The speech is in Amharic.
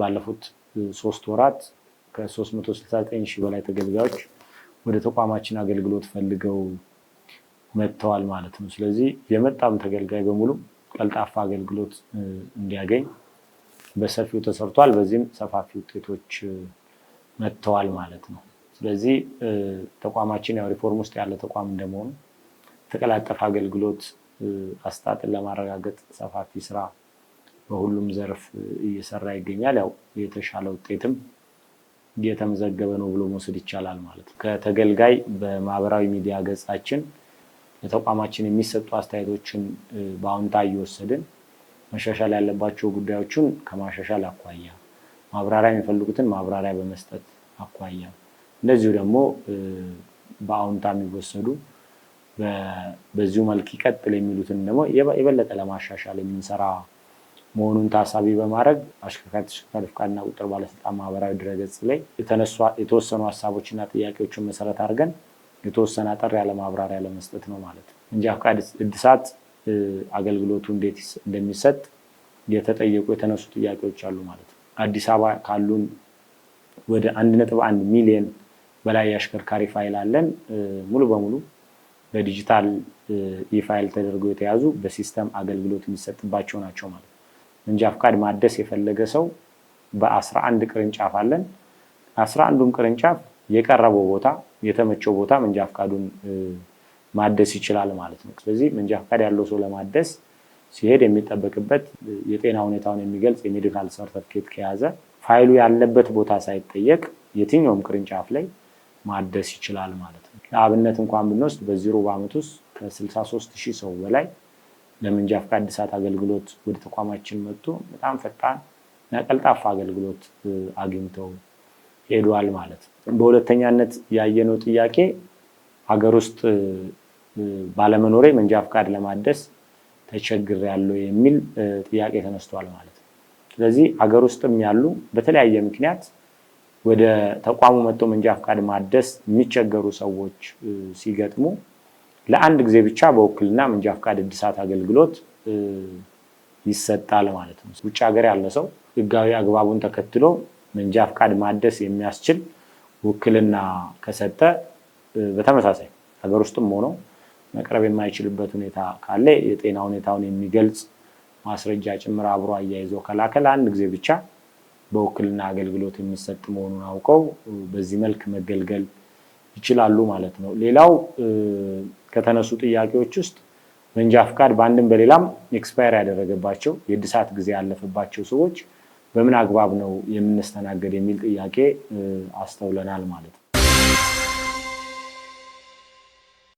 ባለፉት ሶስት ወራት ከ369 ሺህ በላይ ተገልጋዮች ወደ ተቋማችን አገልግሎት ፈልገው መጥተዋል ማለት ነው። ስለዚህ የመጣም ተገልጋይ በሙሉ ቀልጣፋ አገልግሎት እንዲያገኝ በሰፊው ተሰርቷል። በዚህም ሰፋፊ ውጤቶች መጥተዋል ማለት ነው። ስለዚህ ተቋማችን ያው ሪፎርም ውስጥ ያለ ተቋም እንደመሆኑ የተቀላጠፈ አገልግሎት አስጣጥን ለማረጋገጥ ሰፋፊ ስራ በሁሉም ዘርፍ እየሰራ ይገኛል። ያው የተሻለ ውጤትም እየተመዘገበ ነው ብሎ መውሰድ ይቻላል ማለት ነው። ከተገልጋይ በማህበራዊ ሚዲያ ገጻችን ለተቋማችን የሚሰጡ አስተያየቶችን በአሁንታ እየወሰድን መሻሻል ያለባቸው ጉዳዮችን ከማሻሻል አኳያ፣ ማብራሪያ የሚፈልጉትን ማብራሪያ በመስጠት አኳያ፣ እንደዚሁ ደግሞ በአሁንታ የሚወሰዱ በዚሁ መልክ ይቀጥል የሚሉትን ደግሞ የበለጠ ለማሻሻል የምንሰራ መሆኑን ታሳቢ በማድረግ አሽከርካሪ ተሽከርካሪ ፍቃድና ቁጥር ባለስልጣን ማህበራዊ ድረገጽ ላይ የተወሰኑ ሀሳቦችና ጥያቄዎችን መሰረት አድርገን የተወሰነ አጠር ያለ ማብራሪያ ለመስጠት ነው ማለት ነው እንጂ አፍቃድ እድሳት አገልግሎቱ እንዴት እንደሚሰጥ የተጠየቁ የተነሱ ጥያቄዎች አሉ ማለት ነው። አዲስ አበባ ካሉን ወደ አንድ ነጥብ አንድ ሚሊየን በላይ የአሽከርካሪ ፋይል አለን። ሙሉ በሙሉ በዲጂታል ኢ ፋይል ተደርገው የተያዙ በሲስተም አገልግሎት የሚሰጥባቸው ናቸው ማለት ነው። መንጃ ፈቃድ ማደስ የፈለገ ሰው በአስራ አንድ ቅርንጫፍ አለን። አስራ አንዱም ቅርንጫፍ የቀረበው ቦታ የተመቸው ቦታ መንጃ ፈቃዱን ማደስ ይችላል ማለት ነው። ስለዚህ መንጃ ፈቃድ ያለው ሰው ለማደስ ሲሄድ የሚጠበቅበት የጤና ሁኔታውን የሚገልጽ የሜዲካል ሰርተፍኬት ከያዘ ፋይሉ ያለበት ቦታ ሳይጠየቅ የትኛውም ቅርንጫፍ ላይ ማደስ ይችላል ማለት ነው። ለአብነት እንኳን ብንወስድ በዚህ ሩብ ዓመት ውስጥ ከ63 ሺህ ሰው በላይ ለመንጃ ፈቃድ እድሳት አገልግሎት ወደ ተቋማችን መጡ በጣም ፈጣን እና ቀልጣፋ አገልግሎት አግኝተው ሄዷል ማለት ነው። በሁለተኛነት ያየነው ጥያቄ ሀገር ውስጥ ባለመኖሬ መንጃ ፈቃድ ለማደስ ተቸግር ያለው የሚል ጥያቄ ተነስቷል ማለት ነው። ስለዚህ ሀገር ውስጥም ያሉ በተለያየ ምክንያት ወደ ተቋሙ መጥቶ መንጃ ፈቃድ ማደስ የሚቸገሩ ሰዎች ሲገጥሙ ለአንድ ጊዜ ብቻ በውክልና መንጃ ፈቃድ እድሳት አገልግሎት ይሰጣል ማለት ነው። ውጭ ሀገር ያለ ሰው ህጋዊ አግባቡን ተከትሎ መንጃ ፈቃድ ማደስ የሚያስችል ውክልና ከሰጠ በተመሳሳይ ሀገር ውስጥም ሆኖ መቅረብ የማይችልበት ሁኔታ ካለ የጤና ሁኔታውን የሚገልጽ ማስረጃ ጭምር አብሮ አያይዞ ከላከል አንድ ጊዜ ብቻ በውክልና አገልግሎት የሚሰጥ መሆኑን አውቀው በዚህ መልክ መገልገል ይችላሉ ማለት ነው። ሌላው ከተነሱ ጥያቄዎች ውስጥ መንጃ ፍቃድ በአንድም በሌላም ኤክስፓየር ያደረገባቸው የእድሳት ጊዜ ያለፈባቸው ሰዎች በምን አግባብ ነው የምንስተናገድ የሚል ጥያቄ አስተውለናል ማለት ነው።